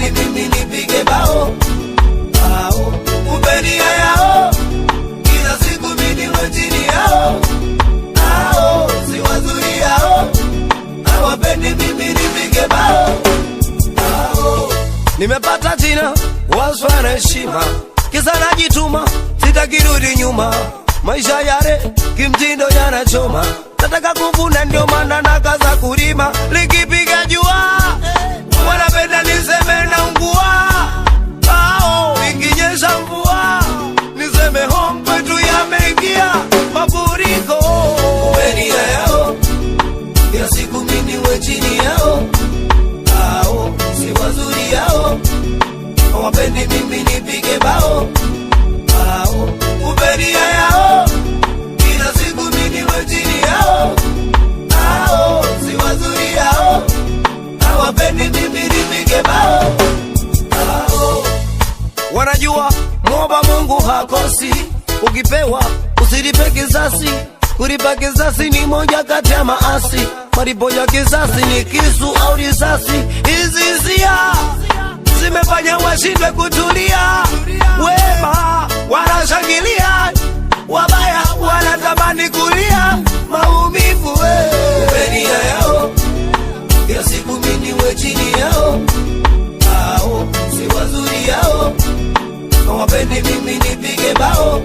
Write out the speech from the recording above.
Lakini mimi nipige bao bao, kumbe nia yao kila siku mimi niko yao, ao si wazuri yao, hawapendi mimi nipige bao bao. Nimepata jina na heshima, kisa najituma, sitakirudi nyuma. Maisha yare kimtindo yanachoma, nataka kuvuna ndio maana kila siku mimi we chini yao, ao si wazuri yao, wapendi mimi nipige bao, ao uberia yao, kila siku mimi we chini yao, ao si wazuri yao, hawapendi mimi nipige bao, ao wanajua moba Mungu hakosi, ukipewa usilipe kisasi Kulipa kisasi ni moja kati ya maasi, malipo ya kisasi ni kisu au risasi. Hizi zia zimefanya washindwe kutulia, wema wanashangilia, wabaya wanatamani kulia maumivu yao ya siku mini we chini yao ao si wazuri yao hawapendi mimi nipige bao